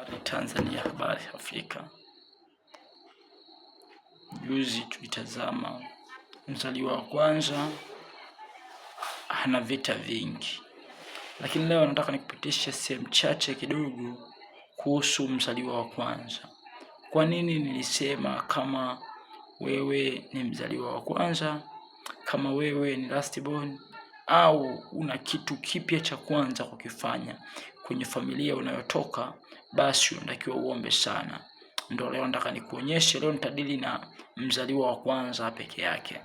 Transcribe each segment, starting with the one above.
Habari Tanzania, habari Afrika. Juzi tulitazama mzaliwa wa kwanza ana vita vingi, lakini leo nataka nikupitisha sehemu chache kidogo kuhusu mzaliwa wa kwanza. Kwa nini nilisema kama wewe ni mzaliwa wa kwanza, kama wewe ni last born, au una kitu kipya cha kwanza kukifanya kwenye familia unayotoka, basi unatakiwa uombe sana. Ndio leo nataka nikuonyeshe. Leo nitadili na mzaliwa wa kwanza peke yake.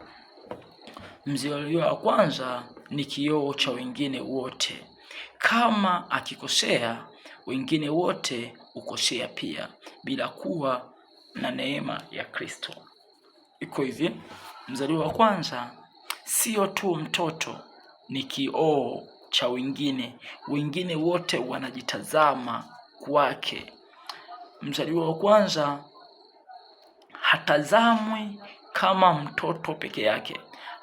Mzaliwa wa kwanza ni kioo cha wengine wote. Kama akikosea, wengine wote ukosea pia, bila kuwa na neema ya Kristo. Iko hivi, mzaliwa wa kwanza sio tu mtoto, ni kioo cha wengine, wengine wote wanajitazama kwake. Mzaliwa wa kwanza hatazamwi kama mtoto peke yake,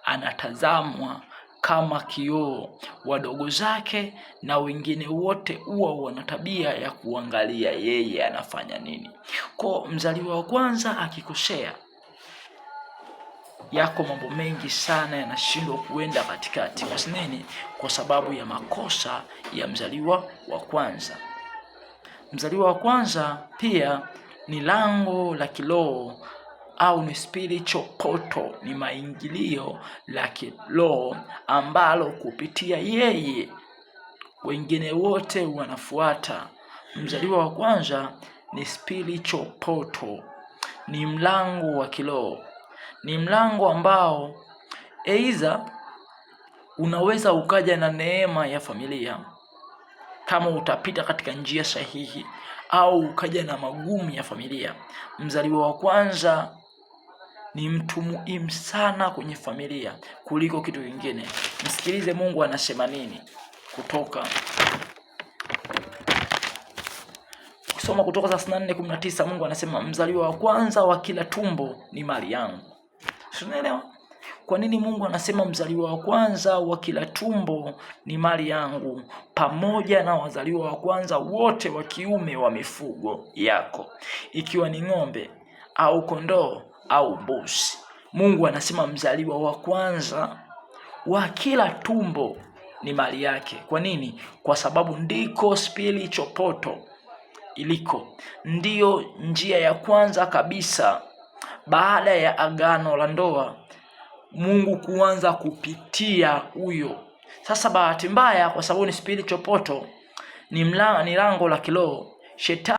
anatazamwa kama kioo. Wadogo zake na wengine wote huwa wana tabia ya kuangalia yeye anafanya nini. Kwa mzaliwa wa kwanza akikosea yako mambo mengi sana yanashindwa kuenda katikati. Kwa nini? Kwa sababu ya makosa ya mzaliwa wa kwanza. Mzaliwa wa kwanza pia ni lango la kiroho au ni spiritual portal, ni maingilio la kiroho ambalo kupitia yeye wengine wote wanafuata. Mzaliwa wa kwanza ni spiritual portal, ni mlango wa kiroho ni mlango ambao eiza unaweza ukaja na neema ya familia kama utapita katika njia sahihi au ukaja na magumu ya familia. Mzaliwa wa kwanza ni mtu muhimu sana kwenye familia kuliko kitu kingine. Msikilize Mungu anasema nini kutoka kusoma Kutoka 34:19 Mungu anasema mzaliwa wa kwanza wa kila tumbo ni mali yangu. Tunaelewa kwa nini Mungu anasema mzaliwa wa kwanza wa kila tumbo ni mali yangu, pamoja na wazaliwa wa kwanza wote wa kiume wa mifugo yako, ikiwa ni ng'ombe au kondoo au mbuzi. Mungu anasema mzaliwa wa kwanza wa kila tumbo ni mali yake. Kwa nini? Kwa sababu ndiko spiritual portal iliko, ndiyo njia ya kwanza kabisa baada ya agano la ndoa Mungu kuanza kupitia huyo. Sasa bahati mbaya, kwa sababu ni spiritual portal, ni mlango, ni lango la kiroho shetani